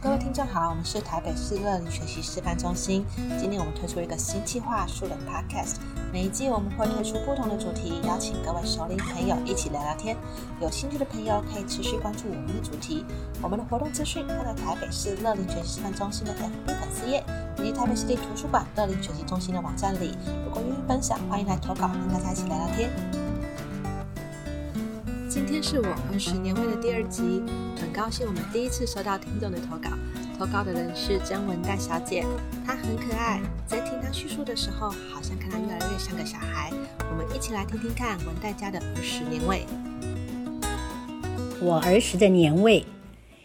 各位聽眾好，我們是台北市樂齡學習示範中心。今天我們推出一個新計劃，素人 Podcast。每一季我們會推出不同的主題，邀請各位熟齡朋友一起聊聊天。有興趣的朋友可以持續關注我們的主題。我們的活動資訊放在台北市樂齡學習示範中心的 fb 粉絲頁以及台北市立圖書館樂齡學習中心的網站裡。如果願意分享，歡迎來投稿，跟大家一起聊聊天。這是我兒時年味的第二集，很高興我們第一次收到聽眾的投稿。投稿的人是姜文黛小姐，她很可愛，在聽她敘述的時候，好像看她越來越像個小孩。我們一起來聽聽看文黛家的兒時年味。我兒時的年味，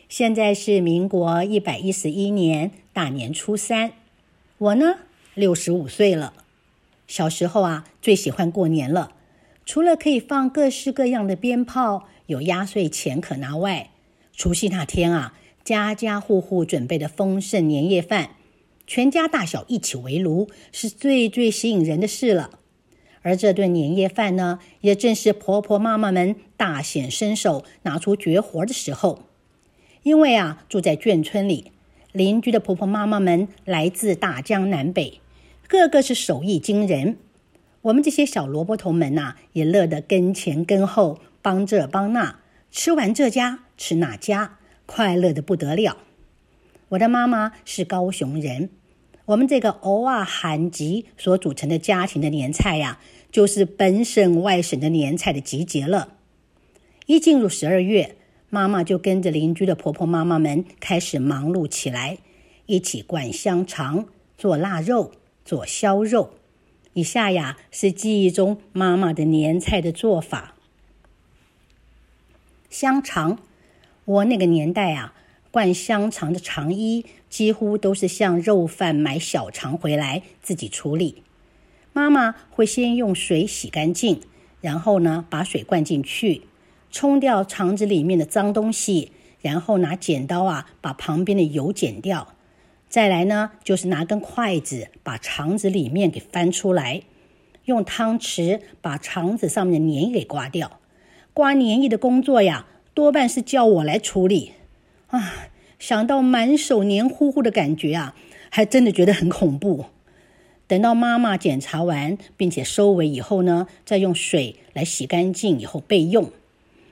現在是民國一百一十一年大年初三，我呢六十五歲了。小時候啊，最喜歡過年了，除了可以放各式各樣的鞭炮。有壓歲錢可拿外，除夕那天啊，家家戶戶準備的豐盛年夜飯，全家大小一起圍爐，是最最吸引人的事了。而這頓年夜飯呢，也正是婆婆媽媽們大顯身手、拿出絕活的時候。因為啊，住在眷村裡，鄰居的婆婆媽媽們來自大江南北，個個是手藝驚人。我們這些小蘿蔔頭們吶、啊，也樂得跟前跟後。幫這幫那，吃完這家吃那家，快樂得不得了。我的媽媽是高雄人，我們這個偶爾韓籍所組成的家庭的年菜呀、啊，就是本省外省的年菜的集結了。一進入十二月，媽媽就跟着鄰居的婆婆媽媽們開始忙碌起來，一起灌香腸、做臘肉、做燒肉。以下呀是記憶中媽媽的年菜的做法。香腸，我那個年代啊，灌香腸的腸衣幾乎都是向肉販買小腸回來自己處理。媽媽會先用水洗乾淨，然後呢把水灌進去，沖掉腸子裡面的髒東西，然後拿剪刀啊把旁邊的油剪掉。再來呢就是拿根筷子把腸子裡面給翻出來，用湯匙把腸子上面的粘液給刮掉。刮粘液的工作呀，多半是叫我來處理，啊，想到滿手黏糊糊的感覺啊，還真的覺得很恐怖。等到媽媽檢查完並且收尾以後呢，再用水來洗乾淨以後備用。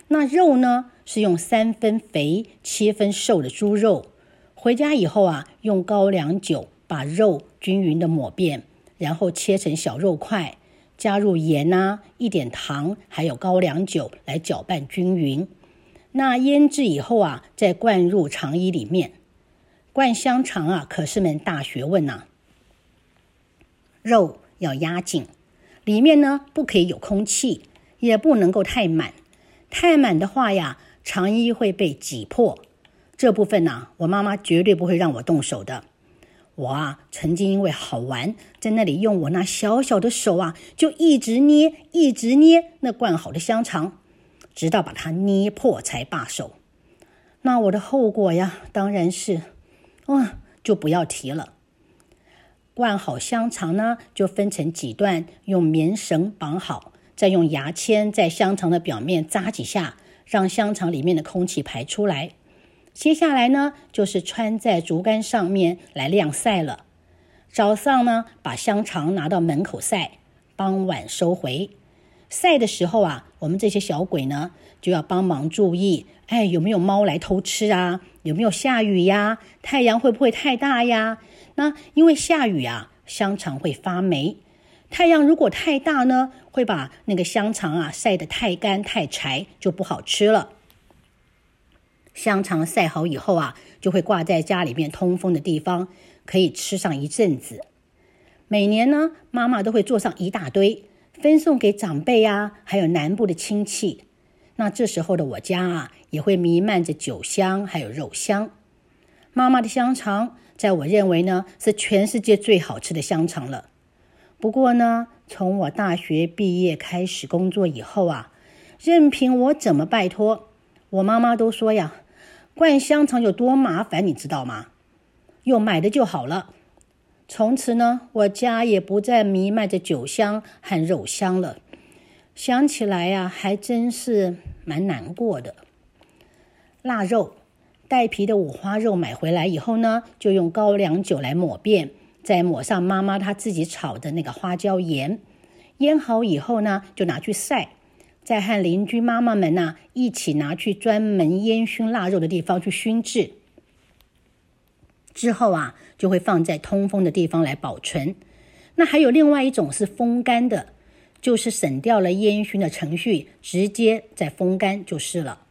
那肉呢，是用三分肥七分瘦的豬肉，回家以後啊，用高粱酒把肉均勻的抹遍，然後切成小肉塊。加入鹽吶、啊，一點糖，還有高粱酒來攪拌均勻。那醃製以後啊，再灌入腸衣裡面。灌香腸啊，可是門大學問吶、啊。肉要壓緊，裡面呢，不可以有空氣，也不能夠太滿。太滿的話呀，腸衣會被擠破。這部分呢、啊，我媽媽絕對不會讓我動手的。我啊，曾經因為好玩，在那裡用我那小小的手啊，就一直捏，一直捏那灌好的香腸，直到把它捏破才罷手。那我的後果呀，當然是，啊，就不要提了。灌好香腸呢，就分成幾段，用棉繩綁好，再用牙籤在香腸的表面扎幾下，讓香腸裡面的空氣排出來。接下來呢，就是穿在竹竿上面來晾曬了。早上呢，把香腸拿到門口曬，傍晚收回。曬的時候啊，我們這些小鬼呢，就要幫忙注意，哎，有沒有貓來偷吃啊？有沒有下雨呀？太陽會不會太大呀？那因為下雨啊，香腸會發霉。太陽如果太大呢，會把那個香腸啊曬得太乾太柴，就不好吃了。香腸曬好以後啊，就會掛在家裡面通風的地方，可以吃上一陣子。每年呢，媽媽都會做上一大堆，分送給長輩呀、啊，還有南部的親戚。那這時候的我家啊，也會瀰漫着酒香還有肉香。媽媽的香腸，在我認為呢，是全世界最好吃的香腸了。不過呢，從我大學畢業開始工作以後啊，任憑我怎麼拜託，我媽媽都說呀。灌香腸有多麻煩，你知道嗎？用買的就好了。從此呢，我家也不再彌漫着酒香和肉香了。想起來呀、啊，還真是蠻難過的。臘肉，帶皮的五花肉買回來以後呢，就用高粱酒來抹遍，再抹上媽媽她自己炒的那個花椒鹽，醃好以後呢，就拿去曬。再和鄰居媽媽們呢、啊、一起拿去專門煙燻臘肉的地方去燻製，之後啊就會放在通風的地方來保存。那還有另外一種是風乾的，就是省掉了煙燻的程序，直接再風乾就是了。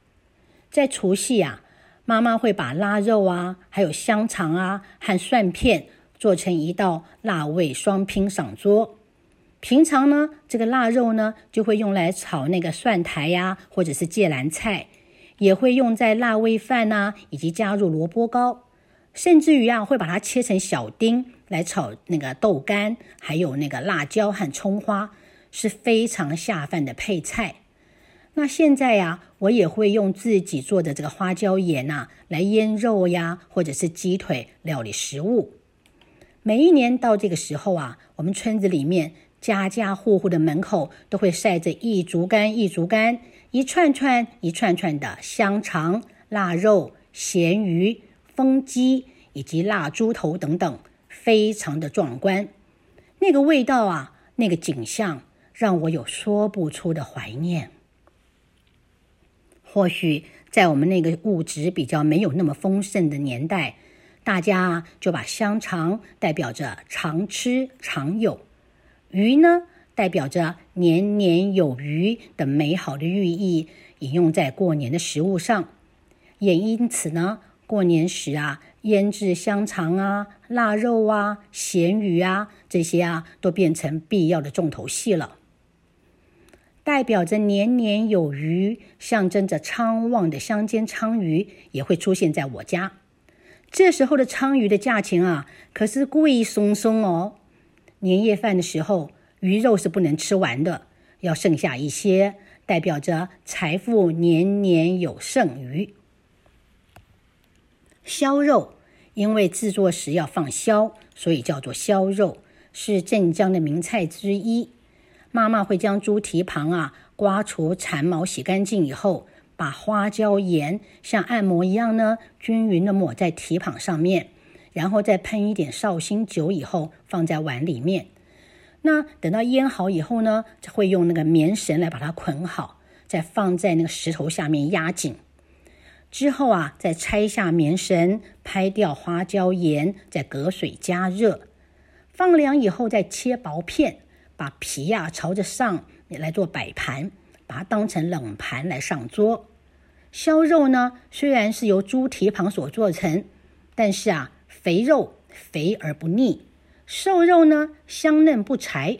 在除夕啊，媽媽會把臘肉啊、還有香腸啊和蒜片做成一道臘味雙拼上桌。平常呢，這個臘肉呢就會用來炒那個蒜苔呀、啊，或者是芥藍菜，也會用在臘味飯吶、啊，以及加入蘿蔔糕，甚至於啊，會把它切成小丁來炒那個豆乾，還有那個辣椒和蔥花，是非常下飯的配菜。那現在呀、啊，我也會用自己做的這個花椒鹽吶、啊、來醃肉呀，或者是雞腿料理食物。每一年到這個時候啊，我們村子裡面。家家戶戶的門口都會曬着一竹竿一竹竿，一串串一串串的香腸、臘肉、鹹魚、風雞以及臘豬頭等等，非常的壯觀。那個味道啊，那個景象，讓我有說不出的懷念。或許在我們那個物質比較沒有那麼豐盛的年代，大家就把香腸代表着常吃常有。魚呢，代表着年年有餘的美好的寓意，應用在過年的食物上。也因此呢，過年時啊，醃制香腸啊、臘肉啊、鹹魚啊這些啊，都變成必要的重頭戲了。代表着年年有餘，象徵着昌旺的香煎鲳魚也會出現在我家。這時候的鲳魚的價錢啊，可是貴松鬆哦。年夜飯的時候，魚肉是不能吃完的，要剩下一些，代表着財富年年有剩餘。肴肉，因為製作時要放硝，所以叫做肴肉，是鎮江的名菜之一。媽媽會將豬蹄膀啊刮除殘毛，洗乾淨以後，把花椒鹽像按摩一樣呢，均勻的抹在蹄膀上面。然後再噴一點紹興酒，以後放在碗裡面。那等到醃好以後呢，就會用那個棉繩來把它捆好，再放在那個石頭下面壓緊。之後啊，再拆下棉繩，繩，拍掉花椒鹽，再隔水加熱。放涼以後再切薄片，把皮呀、啊、朝着上來做擺盤，把它當成冷盤來上桌。肴肉呢，雖然是由豬蹄膀所做成，但是啊。肥肉肥而不膩，瘦肉呢，香嫩不柴。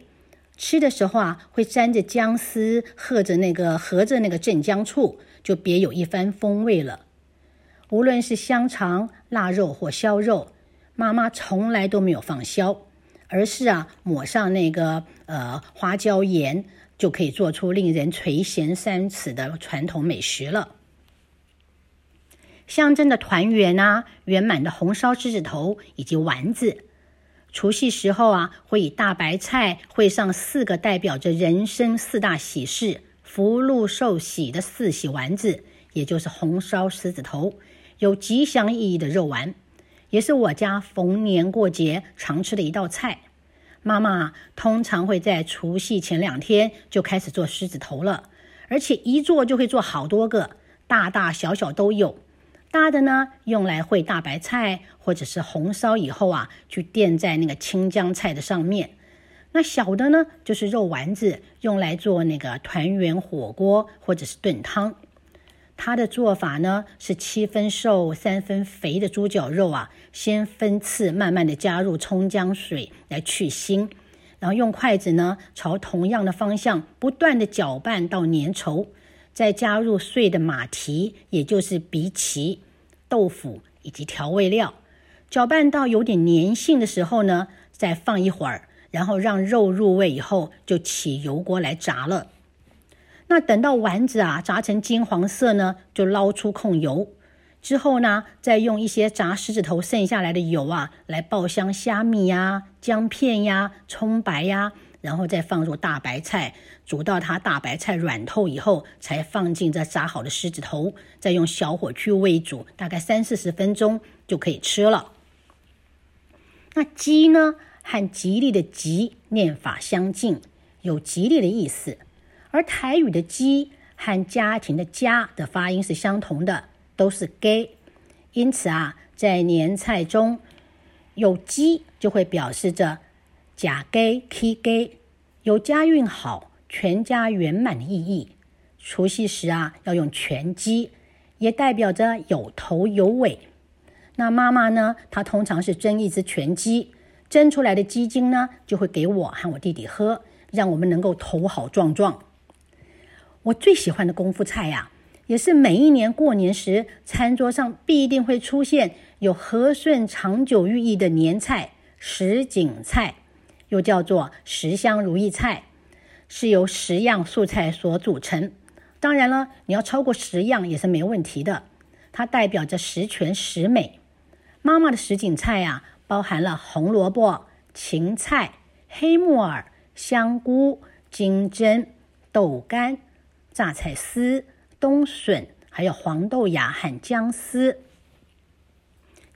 吃的時候啊，會沾着薑絲，喝着那個和着那個鎮江醋，就別有一番風味了。無論是香腸、臘肉或燒肉，媽媽從來都沒有放硝，而是啊抹上那個呃花椒鹽，就可以做出令人垂涎三尺的傳統美食了。象徵的團圓啊，圓滿的紅燒獅子頭以及丸子，除夕時候啊，會以大白菜會上四個代表着人生四大喜事：福祿壽喜的四喜丸子，也就是紅燒獅子頭，有吉祥意義的肉丸，也是我家逢年過節常吃的一道菜。媽媽啊，通常會在除夕前兩天就開始做獅子頭了，而且一做就會做好多個，大大小小都有。大的呢，用來燴大白菜或者是紅燒以後啊，去墊在那個青江菜的上面。那小的呢，就是肉丸子，用來做那個團圓火鍋或者是燉湯。它的做法呢，是七分瘦三分肥的豬腳肉啊，先分次慢慢的加入蔥薑水來去腥，然後用筷子呢，朝同樣的方向不斷的攪拌到粘稠。再加入碎的馬蹄，也就是荸薺、豆腐以及調味料，攪拌到有點粘性的時候呢，再放一會兒，然後讓肉入味以後，就起油鍋來炸了。那等到丸子啊炸成金黃色呢，就撈出控油。之後呢，再用一些炸獅子頭剩下來的油啊，來爆香蝦米呀、啊、薑片呀、啊、蔥白呀、啊。然後再放入大白菜，煮到它大白菜軟透以後，才放進這炸好的獅子頭，再用小火去煨煮，大概三四十分鐘就可以吃了。那雞呢，和吉利的“吉”念法相近，有吉利的意思；而台語的“雞”和家庭的“家”的發音是相同的，都是 gay，因此啊，在年菜中有雞，就會表示着。甲雞、雞雞有家運好、全家圓滿的意義。除夕時啊，要用全雞，也代表着有頭有尾。那媽媽呢，她通常是蒸一隻全雞，蒸出來的雞精呢，就會給我和我弟弟喝，讓我們能夠頭好壯壯。我最喜歡的功夫菜呀、啊，也是每一年過年時，餐桌上必定會出現有和順長久寓意的年菜——什錦菜。又叫做十香如意菜，是由十樣素菜所組成。當然了，你要超過十樣也是沒問題的，它代表着十全十美。媽媽的什錦菜呀、啊，包含了紅蘿蔔、芹菜、黑木耳、香菇、金針、豆乾、榨菜絲、冬筍，還有黃豆芽和薑絲。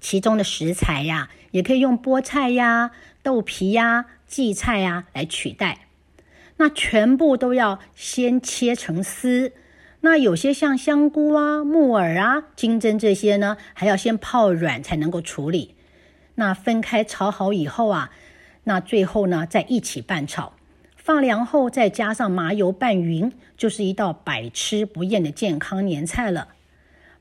其中的食材呀、啊，也可以用菠菜呀、豆皮呀、薺菜呀來取代，那全部都要先切成絲。那有些像香菇啊、木耳啊、金針這些呢，還要先泡軟才能夠處理。那分開炒好以後啊，那最後呢再一起拌炒，放涼後再加上麻油拌勻，就是一道百吃不厭的健康年菜了。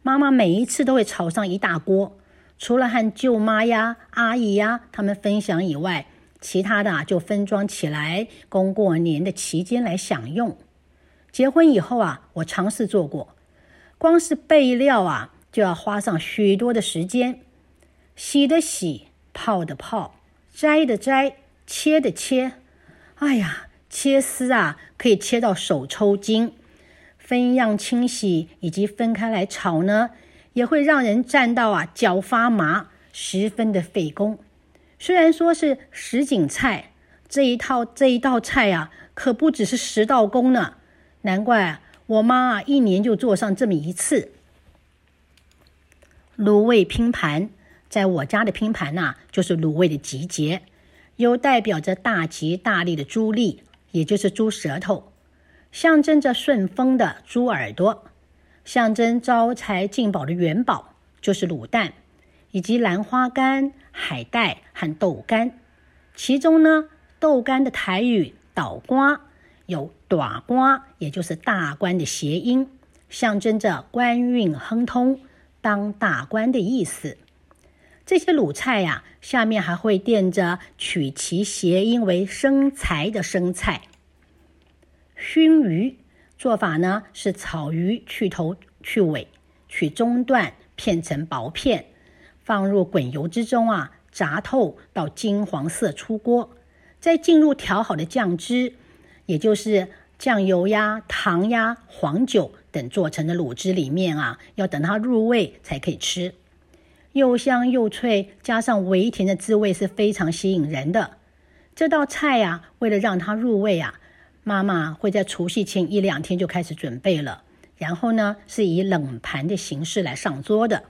媽媽每一次都會炒上一大鍋。除了和舅媽呀、阿姨呀他們分享以外，其他的啊就分裝起來，供過年的期間來享用。結婚以後啊，我嘗試做過，光是備料啊就要花上許多的時間，洗的洗，泡的泡，摘的摘，切的切。哎呀，切絲啊可以切到手抽筋，分樣清洗以及分開來炒呢。也會讓人站到啊腳發麻，十分的費工。雖然說是什錦菜，這一套這一道菜啊，可不只是十道工呢。難怪我媽啊一年就做上這麼一次。滷味拼盤，在我家的拼盤吶、啊，就是滷味的集結，有代表着大吉大利的豬利，也就是豬舌頭，象徵着順風的豬耳朵。象徵招財進寶的元寶就是滷蛋，以及蘭花干、海帶和豆干。其中呢，豆干的台語“倒瓜”有“短瓜”，也就是大官的諧音，象徵着官運亨通、當大官的意思。這些滷菜呀、啊，下面還會墊着取其諧音為“生財”的生菜、燻魚。做法呢是草魚去頭去尾，去中段片成薄片，放入滾油之中啊，炸透到金黃色出鍋，再進入調好的醬汁，也就是醬油呀、糖呀、黃酒等做成的滷汁裡面啊，要等它入味才可以吃，又香又脆，加上微甜的滋味是非常吸引人的。這道菜呀，為了讓它入味啊。媽媽會在除夕前一兩天就開始準備了，然後呢，是以冷盤的形式來上桌的。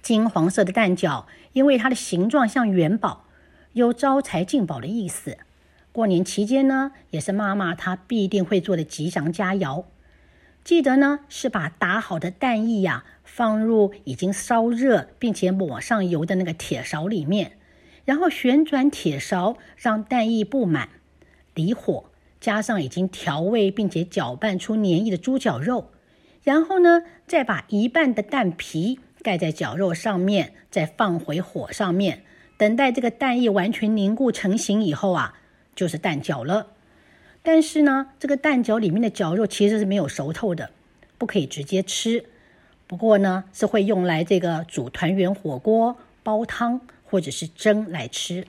金黃色的蛋餃，因為它的形狀像元寶，有招財進寶的意思。過年期間呢，也是媽媽她必定會做的吉祥佳肴。記得呢，是把打好的蛋液呀、啊、放入已經燒熱並且抹上油的那個鐵勺裡面，然後旋轉鐵勺，讓蛋液布滿。離火，加上已經調味並且攪拌出粘液的豬絞肉，然後呢，再把一半的蛋皮蓋在絞肉上面，再放回火上面，等待這個蛋液完全凝固成型以後啊，就是蛋餃了。但是呢，這個蛋餃裡面的絞肉其實是沒有熟透的，不可以直接吃。不過呢，是會用來這個煮團圓火鍋、煲湯或者是蒸來吃。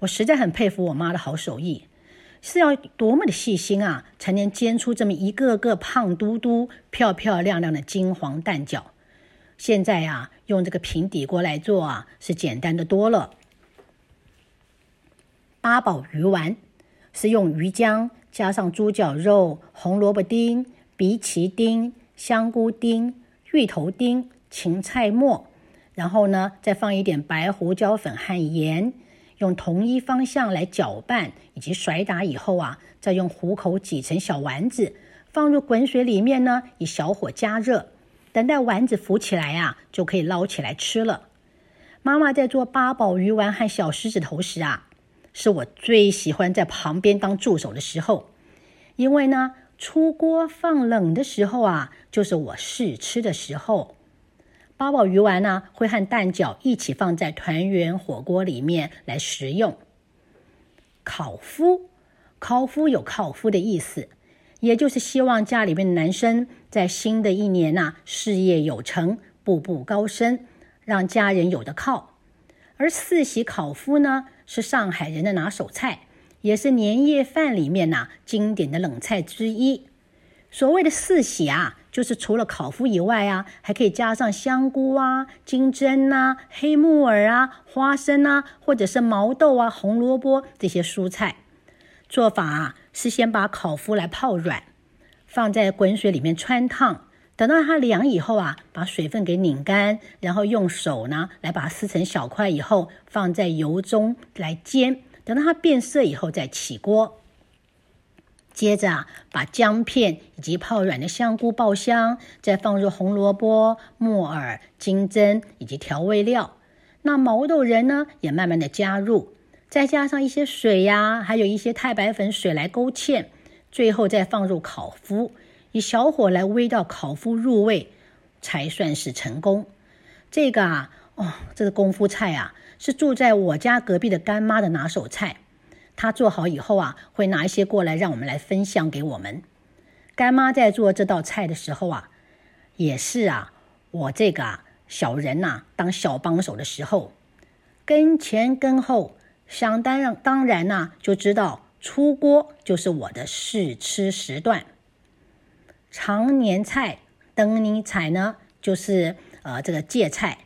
我實在很佩服我媽的好手藝。是要多麼的細心啊，才能煎出這麼一個個胖嘟嘟、漂漂亮亮的金黃蛋餃。現在啊，用這個平底鍋來做啊，是簡單的多了。八寶魚丸是用魚漿加上豬絞肉、紅蘿蔔丁、荸薺丁、香菇丁、芋頭丁、芋頭丁、芹菜末，然後呢，再放一點白胡椒粉和鹽。用同一方向來攪拌以及甩打以後啊，再用虎口擠成小丸子，放入滾水裡面呢，以小火加熱，等待丸子浮起來啊，就可以撈起來吃了。媽媽在做八寶魚丸和小獅子頭時啊，是我最喜歡在旁邊當助手的時候，因為呢，出鍋放冷的時候啊，就是我試吃的時候。八寶魚丸呢、啊，會和蛋餃一起放在團圓火鍋裡面來食用。烤麩，烤麩有“靠夫”的意思，也就是希望家裡面的男生在新的一年吶、啊，事業有成，步步高升，讓家人有得靠。而四喜烤麩呢，是上海人的拿手菜，也是年夜飯裡面吶、啊，經典的冷菜之一。所謂的四喜啊。就是除了烤麩以外啊，還可以加上香菇啊、金針吶、啊、黑木耳啊、花生啊，或者是毛豆啊、紅蘿蔔這些蔬菜。做法啊是先把烤麩來泡軟，放在滾水裡面汆燙，等到它涼以後啊，把水分給擰乾，然後用手呢來把它撕成小塊以後，放在油中來煎，等到它變色以後再起鍋。接着啊，把薑片以及泡軟的香菇爆香，再放入紅蘿蔔、木耳、金針以及調味料。那毛豆仁呢也慢慢的加入，再加上一些水呀、啊，還有一些太白粉水來勾芡，最後再放入烤麩，以小火來煨到烤麩入味，才算是成功。這個啊，哦，這個功夫菜啊，是住在我家隔壁的乾媽的拿手菜。他做好以後啊，會拿一些過來讓我們來分享給我們。乾媽在做這道菜的時候啊，也是啊，我這個小人吶、啊，當小幫手的時候，跟前跟後，想當然當然吶、啊，就知道出鍋就是我的試吃時段。常年菜等你採呢，就是呃這個芥菜，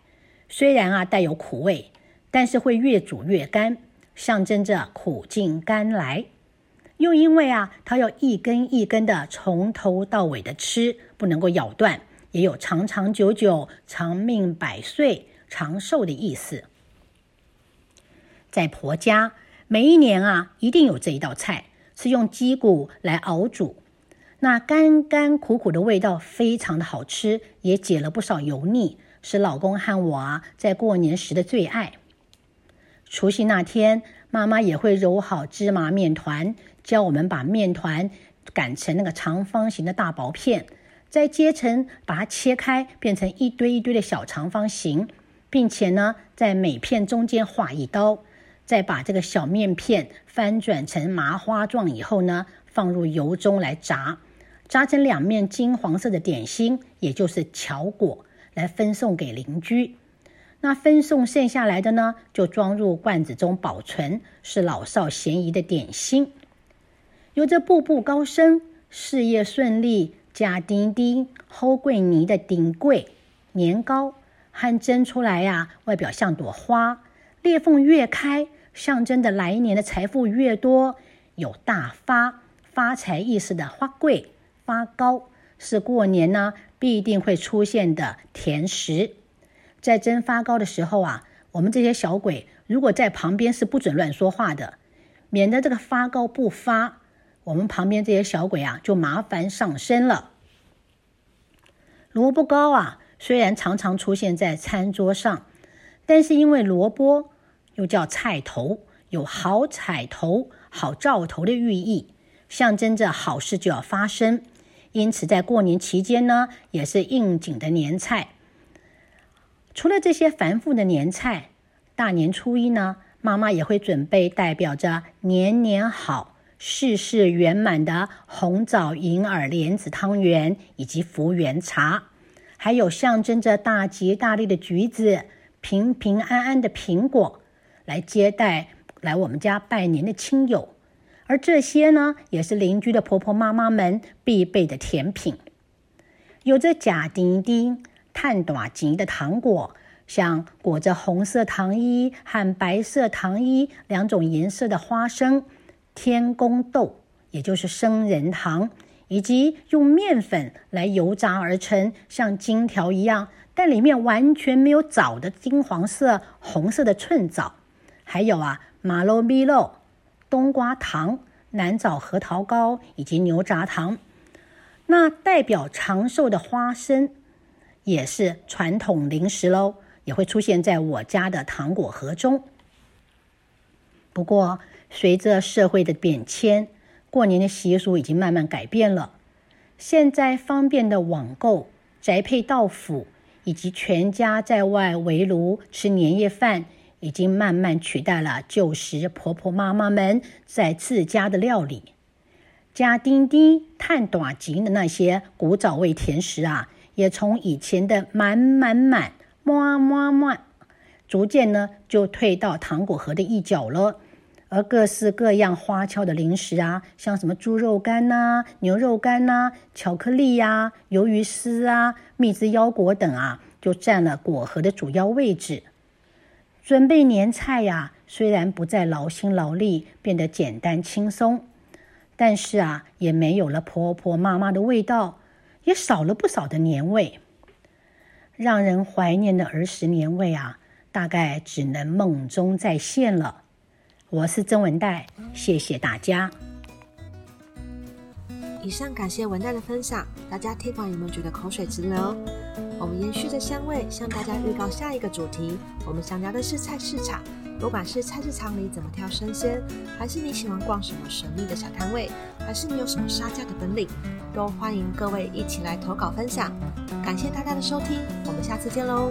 雖然啊帶有苦味，但是會越煮越乾。象徵着苦盡甘來，又因為啊，它要一根一根的從頭到尾的吃，不能夠咬斷，也有長長久久、長命百歲、長壽的意思。在婆家，每一年啊，一定有這一道菜，是用雞骨來熬煮，那甘甘苦苦的味道非常的好吃，也解了不少油膩，是老公和我啊，在過年時的最愛。除夕那天，媽媽也會揉好芝麻麵團，教我們把麵團擀成那個長方形的大薄片，再接成，把它切開，變成一堆一堆的小長方形，並且呢，在每片中間劃一刀，再把這個小麵片翻轉成麻花狀以後呢，放入油中來炸，炸成兩面金黃色的點心，也就是巧果，來分送給鄰居。那分送剩下來的呢，就裝入罐子中保存，是老少咸宜的點心。有著步步高升、事業順利、家丁丁厚貴泥的頂貴年糕，和蒸出來呀、啊，外表像朵花，裂縫越開，象徵的來年的財富越多，有大發發財意思的花貴發糕，是過年呢、啊、必定會出現的甜食。在蒸發糕的時候啊，我們這些小鬼如果在旁邊是不准亂說話的，免得這個發糕不發，我們旁邊這些小鬼啊就麻煩上身了。蘿蔔糕啊，雖然常常出現在餐桌上，但是因為蘿蔔又叫菜頭，有好彩頭、好兆頭的寓意，象徵着好事就要發生，因此在過年期間呢，也是應景的年菜。除了這些繁複的年菜，大年初一呢，媽媽也會準備代表着年年好、事事圓滿的紅棗、銀耳、蓮子湯圓以及福圓茶，還有象徵着大吉大利的橘子、平平安安的蘋果，來接待來我們家拜年的親友。而這些呢，也是鄰居的婆婆媽媽們必備的甜品，有着假丁丁，碳爪形的糖果，像裹着紅色糖衣和白色糖衣兩種顏色的花生、天公豆，也就是生仁糖，以及用麵粉來油炸而成像金條一樣，但裡面完全沒有棗的金黃色紅色的寸棗，還有啊麻粩、米粩、冬瓜糖、南棗核桃糕以及牛軋糖，那代表長壽的花生，也是傳統零食嘍，也會出現在我家的糖果盒中。不過，隨着社會的變遷，過年的習俗已經慢慢改變了。現在方便的網購、宅配到府，以及全家在外圍爐吃年夜飯，已經慢慢取代了舊時婆婆媽媽們在自家的料理、加釘釘、探短斤的那些古早味甜食啊。也從以前的滿滿滿、慢慢慢，逐漸呢，就退到糖果盒的一角了。而各式各樣花俏的零食啊，像什麼豬肉乾吶、啊、牛肉乾吶、啊、巧克力呀、啊、魷魚絲啊、蜜汁腰果等啊，就佔了果盒的主要位置。準備年菜呀、啊，雖然不再勞心勞力，變得簡單輕鬆，但是啊，也沒有了婆婆媽媽的味道。也少了不少的年味。讓人懷念的兒時年味啊，大概只能夢中再現了。我是曾文黛，謝謝大家。以上感謝文黛的分享，大家聽完有沒有覺得口水直流？我們延續着香味，向大家預告下一個主題，我們想聊的是菜市場。不管是菜市場裡怎麼挑生鮮，還是你喜歡逛什麼神秘的小攤位，還是你有什麼殺價的本領，都歡迎各位一起來投稿分享。感謝大家的收聽，我們下次見嘍。